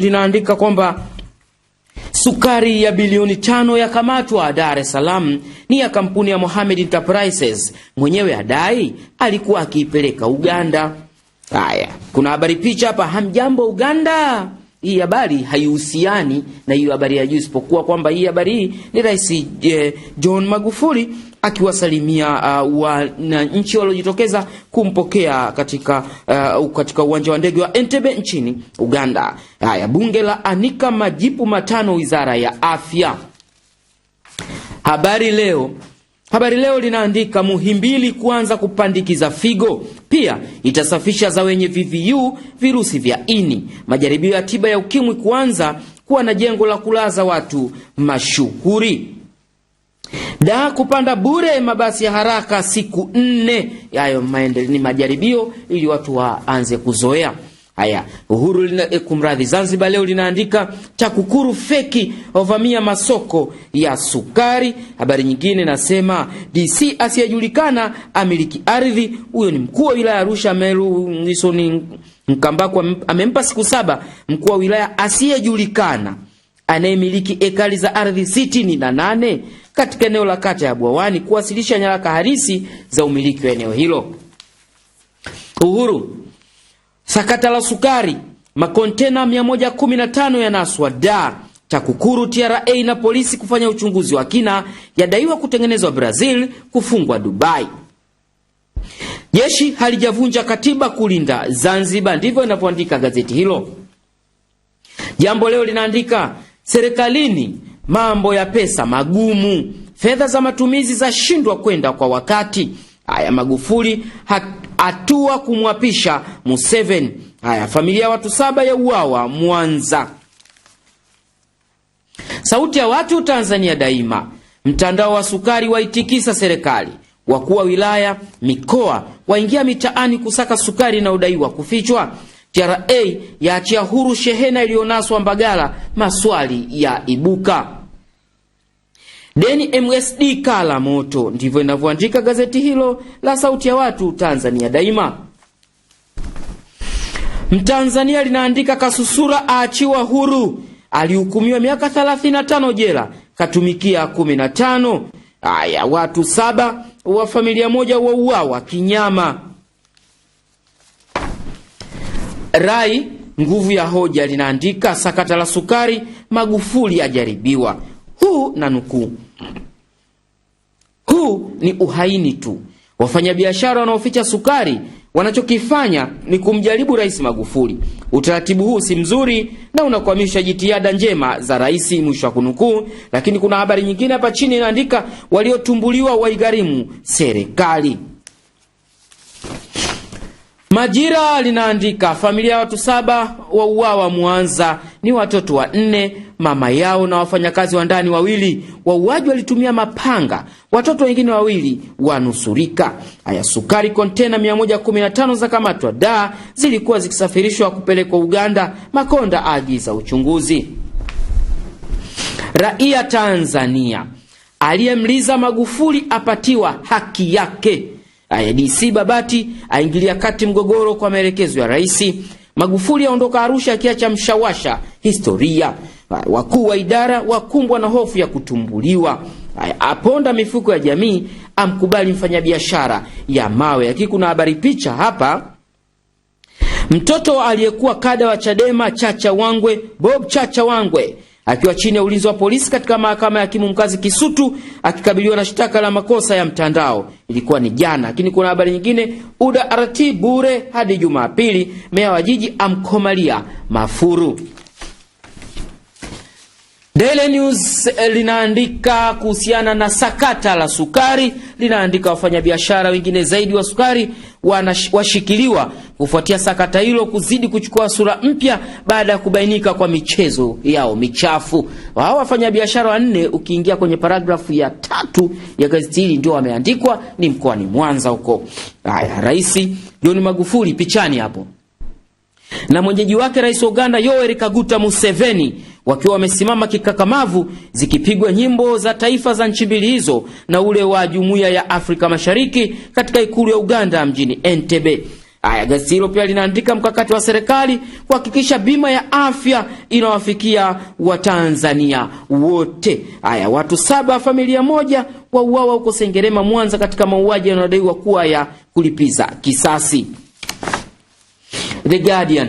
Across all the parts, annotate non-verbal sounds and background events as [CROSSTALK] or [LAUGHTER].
linaandika kwamba sukari ya bilioni tano yakamatwa Dar es Salaam ni ya kampuni ya Mohamed Enterprises, mwenyewe adai alikuwa akiipeleka Uganda. Haya, kuna habari picha hapa. Hamjambo Uganda. Hii habari haihusiani na hiyo habari ya juu, isipokuwa kwamba hii habari hii ni Rais eh, John Magufuli akiwasalimia uh, wananchi waliojitokeza kumpokea katika uh, katika uwanja wa ndege wa Entebbe nchini Uganda. Haya, bunge la anika majipu matano wizara ya afya. Habari Leo Habari Leo linaandika Muhimbili kuanza kupandikiza figo, pia itasafisha za wenye VVU virusi vya ini. Majaribio ya tiba ya ukimwi kuanza, kuwa na jengo la kulaza watu mashuhuri. Da kupanda bure mabasi ya haraka siku nne. Hayo ni majaribio ili watu waanze kuzoea. Haya, Uhuru lina e, kumradhi, Zanzibar leo linaandika TAKUKURU feki wavamia masoko ya sukari. Habari nyingine nasema DC asiyejulikana amiliki ardhi. Huyo ni mkuu wa wilaya Arusha Meru Nisoni Mkambako amempa siku saba mkuu wa wilaya asiyejulikana anayemiliki ekari za ardhi sitini na nane katika eneo la kata ya Bwawani kuwasilisha nyaraka halisi za umiliki wa eneo hilo. Uhuru Sakata la sukari, makontena 115 yanaswa da TAKUKURU, TRA na polisi kufanya uchunguzi wa kina, yadaiwa kutengenezwa Brazil, kufungwa Dubai. Jeshi halijavunja katiba kulinda Zanzibar, ndivyo inavyoandika gazeti hilo. Jambo Leo linaandika serikalini mambo ya pesa magumu, fedha za matumizi zashindwa kwenda kwa wakati Haya, Magufuli hatua kumwapisha Museveni. Haya, familia ya watu saba ya uawa Mwanza. Sauti ya Watu, Tanzania Daima. Mtandao wa sukari waitikisa serikali, wakuu wa wilaya, mikoa waingia mitaani kusaka sukari inayodaiwa kufichwa. TRA yaachia huru shehena iliyonaswa Mbagala, maswali ya ibuka deni MSD kala moto, ndivyo inavyoandika gazeti hilo la Sauti ya Watu Tanzania Daima. Mtanzania linaandika Kasusura aachiwa huru, alihukumiwa miaka 35 jela, katumikia 15. Aya, watu saba wa familia moja wauawa kinyama. Rai Nguvu ya Hoja linaandika sakata la sukari, Magufuli ajaribiwa. Huu na nukuu huu ni uhaini tu. Wafanyabiashara wanaoficha sukari wanachokifanya ni kumjaribu Rais Magufuli. Utaratibu huu si mzuri na unakwamisha jitihada njema za rais, mwisho wa kunukuu. Lakini kuna habari nyingine hapa chini inaandika, waliotumbuliwa waigharimu serikali. Majira linaandika familia ya watu saba wauawa Mwanza, ni watoto wanne, mama yao na wafanyakazi wa ndani wawili. Wauaji walitumia mapanga, watoto wengine wawili wanusurika. Haya, sukari kontena 115 za kamatwa da zilikuwa zikisafirishwa kupelekwa Uganda. Makonda aagiza uchunguzi. Raia Tanzania aliyemliza Magufuli apatiwa haki yake. DC Babati aingilia kati mgogoro kwa maelekezo ya rais. Magufuli aondoka Arusha akiacha mshawasha historia. Wakuu wa idara wakumbwa na hofu ya kutumbuliwa. Aponda mifuko ya jamii, amkubali mfanyabiashara ya mawe. Lakini kuna habari picha hapa, mtoto aliyekuwa kada wa Chadema Chacha Wangwe, Bob Chacha Wangwe akiwa chini ya ulinzi wa polisi katika mahakama ya hakimu mkazi Kisutu akikabiliwa na shtaka la makosa ya mtandao. Ilikuwa ni jana, lakini kuna habari nyingine. UDA RT bure hadi Jumapili, meya wa jiji amkomalia Mafuru. Daily News eh, linaandika kuhusiana na sakata la sukari, linaandika wafanyabiashara wengine zaidi wa sukari washikiliwa kufuatia sakata hilo kuzidi kuchukua sura mpya baada ya kubainika kwa michezo yao michafu. Hawa wafanyabiashara wanne, ukiingia kwenye paragrafu ya tatu ya gazeti hili, ndio wameandikwa ni mkoani Mwanza huko. Haya, Rais John Magufuli pichani hapo na mwenyeji wake Rais wa Uganda Yoweri Kaguta Museveni wakiwa wamesimama kikakamavu, zikipigwa nyimbo za taifa za nchi mbili hizo na ule wa Jumuiya ya Afrika Mashariki katika ikulu ya Uganda mjini Entebbe. Aya, gazeti hilo pia linaandika mkakati wa serikali kuhakikisha bima ya afya inawafikia Watanzania wote. Aya, watu saba familia moja wauawa huko Sengerema, Mwanza, katika mauaji yanayodaiwa kuwa ya kulipiza kisasi. The Guardian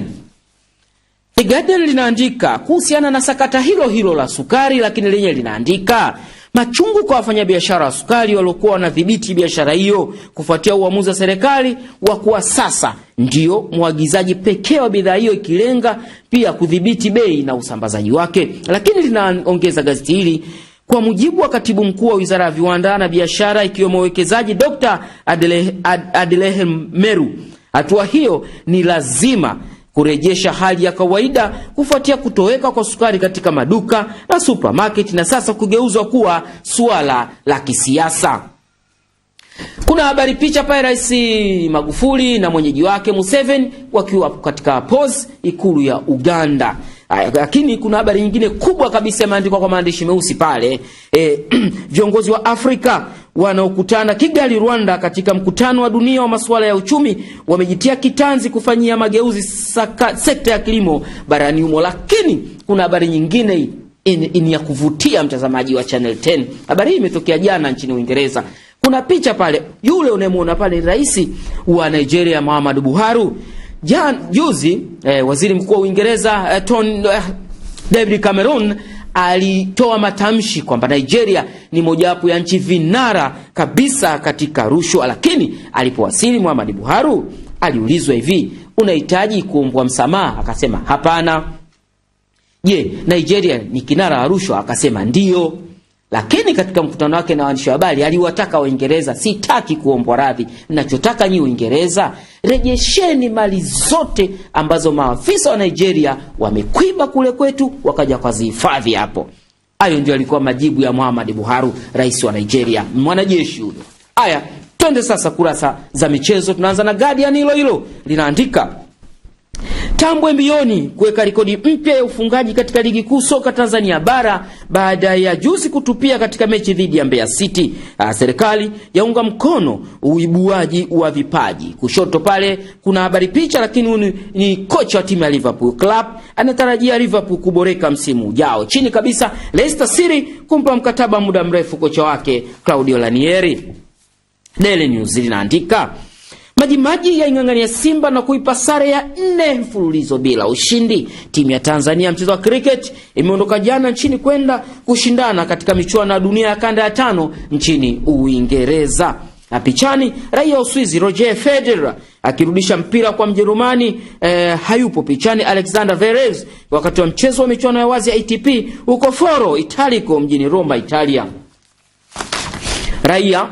The Guardian linaandika kuhusiana na sakata hilo hilo la sukari, lakini lenye linaandika machungu kwa wafanyabiashara wa sukari waliokuwa wanadhibiti biashara hiyo kufuatia uamuzi wa serikali wa kuwa sasa ndio mwagizaji pekee wa bidhaa hiyo ikilenga pia kudhibiti bei na usambazaji wake. Lakini linaongeza gazeti hili, kwa mujibu wa katibu mkuu wa wizara ya viwanda na biashara ikiwemo uwekezaji, Dr. Adelehen Meru, hatua hiyo ni lazima kurejesha hali ya kawaida kufuatia kutoweka kwa sukari katika maduka na supermarket na sasa kugeuzwa kuwa suala la kisiasa. Kuna habari picha pale Rais Magufuli na mwenyeji wake Museveni wakiwa katika pose ikulu ya Uganda. Lakini kuna habari nyingine kubwa kabisa imeandikwa kwa maandishi meusi pale, e, [CLEARS THROAT] viongozi wa Afrika wanaokutana Kigali, Rwanda, katika mkutano wa dunia wa masuala ya uchumi wamejitia kitanzi kufanyia mageuzi saka, sekta ya kilimo barani humo. Lakini kuna habari nyingine hii in, in ya kuvutia mtazamaji wa Channel 10. Habari hii imetokea jana nchini Uingereza. Kuna picha pale, yule unayemwona pale ni rais wa Nigeria Muhammadu Buhari. Jan, juzi, eh, waziri mkuu wa Uingereza eh, Tony eh, David Cameron alitoa matamshi kwamba Nigeria ni mojawapo ya nchi vinara kabisa katika rushwa, lakini alipowasili Muhammad Buhari aliulizwa hivi, unahitaji kuombwa msamaha? Akasema hapana. Je, Nigeria ni kinara wa rushwa? Akasema ndiyo. Lakini katika mkutano wake na waandishi wa habari aliwataka Waingereza, sitaki kuombwa radhi, nachotaka nyi Uingereza rejesheni mali zote ambazo maafisa wa Nigeria wamekwiba kule kwetu, wakaja kwazihifadhi hapo. Hayo ndio alikuwa majibu ya Muhammad Buhari, rais wa Nigeria, mwanajeshi huyo. Haya, twende sasa kurasa za michezo. Tunaanza na Guardian, hilo hilo linaandika Tambwe mbioni kuweka rekodi mpya ya ufungaji katika ligi kuu soka Tanzania bara baada ya juzi kutupia katika mechi dhidi ya Mbeya City. Ah, serikali yaunga mkono uibuaji wa vipaji. Kushoto pale kuna habari picha, lakini huyu ni kocha wa timu ya Liverpool Club, anatarajia Liverpool kuboreka msimu ujao. Chini kabisa Leicester City kumpa mkataba muda mrefu kocha wake Claudio Ranieri. Daily News linaandika Majimaji yaing'ang'ania Simba na kuipa sare ya nne mfululizo bila ushindi. Timu ya Tanzania mchezo wa cricket imeondoka jana nchini kwenda kushindana katika michuano ya dunia ya kanda ya tano nchini Uingereza. Na pichani raia wa Uswizi Roger Federer akirudisha mpira kwa Mjerumani eh, hayupo pichani Alexander verez wakati wa mchezo wa michuano ya wazi ya ATP huko Foro Italico mjini Roma, Italia. Raia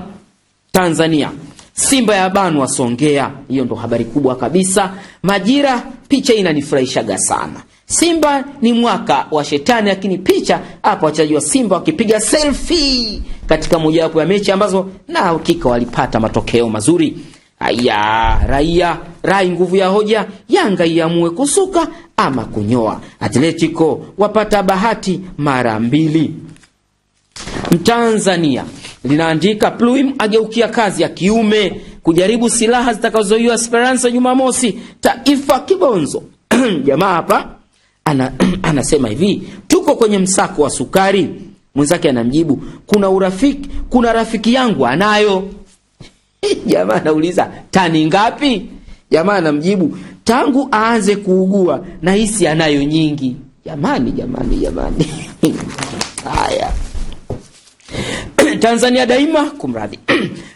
Tanzania Simba ya banu wasongea Hiyo ndo habari kubwa kabisa. Majira, picha hii inanifurahishaga sana. Simba ni mwaka wa shetani, lakini picha hapa wachezaji wa Simba wakipiga selfie katika mojawapo ya mechi ambazo na hakika walipata matokeo mazuri. Aya, raia rai, nguvu ya hoja. Yanga iamue kusuka ama kunyoa. Atletico wapata bahati mara mbili. Mtanzania linaandika Pluim ageukia kazi ya kiume kujaribu silaha zitakazoiwa Esperanza Jumamosi taifa kibonzo. [CLEARS THROAT] Jamaa hapa ana, [CLEARS THROAT] anasema hivi tuko kwenye msako wa sukari. Mwenzake anamjibu kuna urafiki, kuna rafiki yangu anayo. [LAUGHS] Jamaa anauliza tani ngapi? Jamaa anamjibu tangu aanze kuugua nahisi anayo nyingi. Jamani, jamani, jamani! [LAUGHS] haya Tanzania Daima kumradhi [CLEARS THROAT]